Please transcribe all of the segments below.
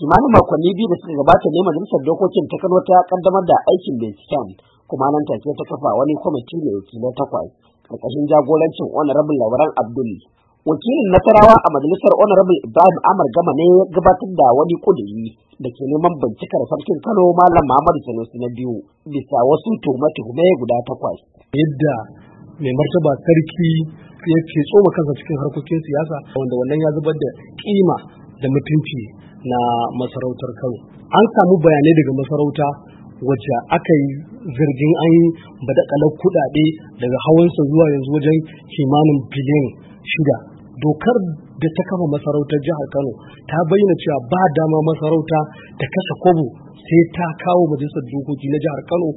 kimanin makonni biyu da suka gabata ne majalisar dokokin ta kano ta kaddamar da aikin binciken kuma nan take ta kafa wani kwamiti mai wakilai takwas ƙarƙashin jagorancin honorable labaran abdul wakilin nasarawa a majalisar honorable ibrahim amar gama ne gabatar da wani ƙuduri da ke neman bincikar sarkin kano malam muhammadu sanusi na biyu bisa wasu tuhume-tuhume guda takwas yadda mai martaba sarki ya ce tsoma kansa cikin harkokin siyasa wanda wannan ya zubar da kima da mutunci na masarautar Kano. An samu bayanai daga masarauta wacce aka yi zargin an yi badakalar kudade daga hawansa zuwa yanzu wajen kimanin biliyan shida. Dokar da ta kafa masarautar jihar Kano ta bayyana cewa ba dama masarauta ta kasa kobo sai ta kawo majalisar dokoki na jihar Kano.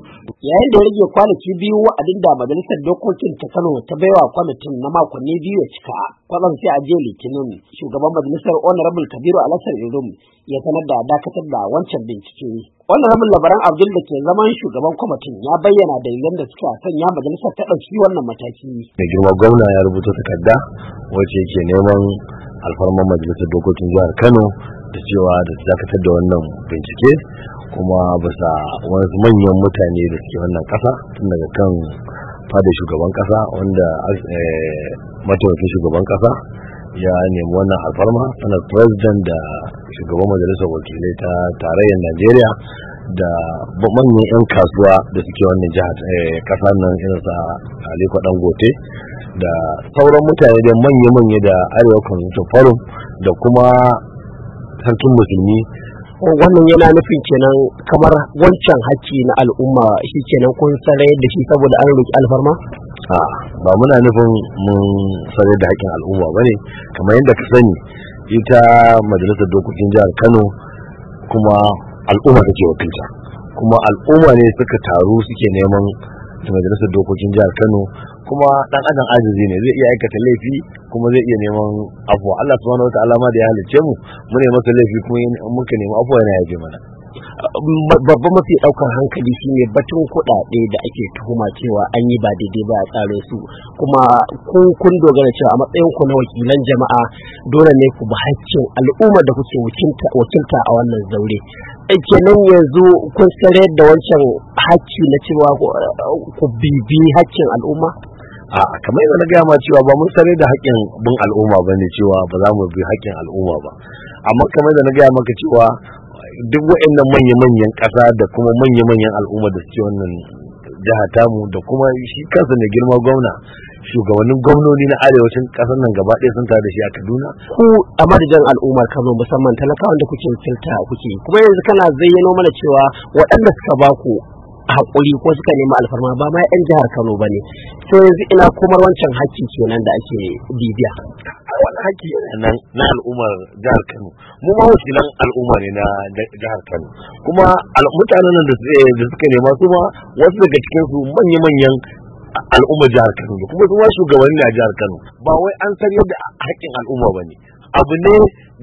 Yayin da ya rage kwanaki biyu wa'adin da majalisar dokokin ta Kano ta baiwa kwamitin na makonni biyu ya cika. Kwatsam sai a je Litinin shugaban majalisar Honorable Kabiru Alassar Irum ya sanar da dakatar da wancan bincike. Honorable Labaran Abdul da ke zaman shugaban kwamitin ya bayyana dalilan da suka sanya majalisar ta ɗauki wannan mataki. Mai girma gwamna ya rubuta takarda wacce ke neman alfarman majalisar dokokin jihar kano da cewa da dakatar da wannan bincike kuma bisa wasu manyan mutane da suke wannan kasa tun daga kan fada shugaban kasa wanda eh, mataimakin shugaban kasa ya nemi wannan alfarma tana president da shugaban majalisar wakilai ta tarayyar najeriya da manyan 'yan kasuwa da suke wannan jihar kasar eh, nan irinsa aliko dangote da sauran mutane da manya-manya da arewa kan da kuma sarkin musulmi wannan yana nufin kenan kamar wancan haƙƙi na al'umma shi kenan kun sarai da shi saboda an roƙi alfarma a ba muna nufin mun sarai da haƙƙin al'umma ba ne kamar yadda ka sani ita majalisar dokokin jihar kano kuma al'umma take wakilta kuma al'umma ne suka taru suke neman majalisar dokokin jihar kano kuma dan adam ajizi ne zai iya aikata laifi kuma zai iya neman afuwa Allah subhanahu wata ma da ya halice mu mu ne masa laifi kuma muka neman afuwa yana yaje mana babban mafi daukar hankali shine batun kuɗaɗe da ake tuhuma cewa an yi ba daidai ba a tsare su kuma ku kun dogara cewa a matsayin ku na wakilan jama'a dole ne ku bi al'ummar da kuke wakilta a wannan zaure kenan yanzu kun tsare da wancan haƙƙi na cewa ku bibi haccin al'umma a kamar yadda na gaya ma cewa ba mun sare da haƙƙin bin al'umma ba ne cewa ba za mu bi haƙƙin al'umma ba amma kamar yadda na gaya maka cewa duk waɗannan manya-manyan ƙasa da kuma manya-manyan al'umma da suke wannan jiha tamu da kuma shi kansa ne girma gwamna shugabannin gwamnoni na arewacin ƙasar nan gaba ɗaya sun tare da shi a kaduna ku a madadin al'ummar kano musamman talakawan da kuke filta kuke kuma yanzu kana zayyano mana cewa waɗanda suka baku hakuri ko suka nemi alfarma ba ma 'yan jihar Kano ba ne to yanzu ina kuma wancan hakki kenan da ake bibiya wani hakki nan na al'ummar jihar Kano mu ma wakilan al'umma ne na jihar Kano kuma mutanen nan eh, da suka nema su ma wasu daga cikin su manya-manyan al'ummar jihar Kano kuma su ma shugabanni a jihar Kano ba wai an san yadda hakkin al'umma bane. abu ne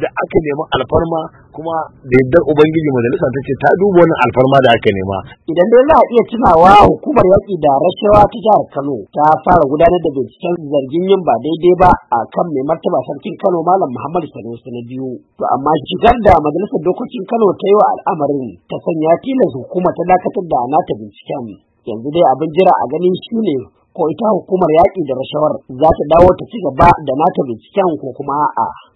da aka nemi alfarma kuma da yadda ubangiji majalisa ta ce ta duba wani alfarma da aka nema idan dai za a iya tunawa hukumar yaƙi da rashawa ta jihar kano ta fara gudanar da binciken zargin yin ba daidai ba a kan mai martaba sarkin kano malam muhammad sanusi na biyu to amma shigar da majalisar dokokin kano ta yi wa al'amarin ta sanya tilas hukuma ta dakatar da nata binciken yanzu dai abin jira a ganin shi ne ko ita hukumar yaƙi da rashawar za ta dawo ta ci gaba da nata binciken ko kuma a'a.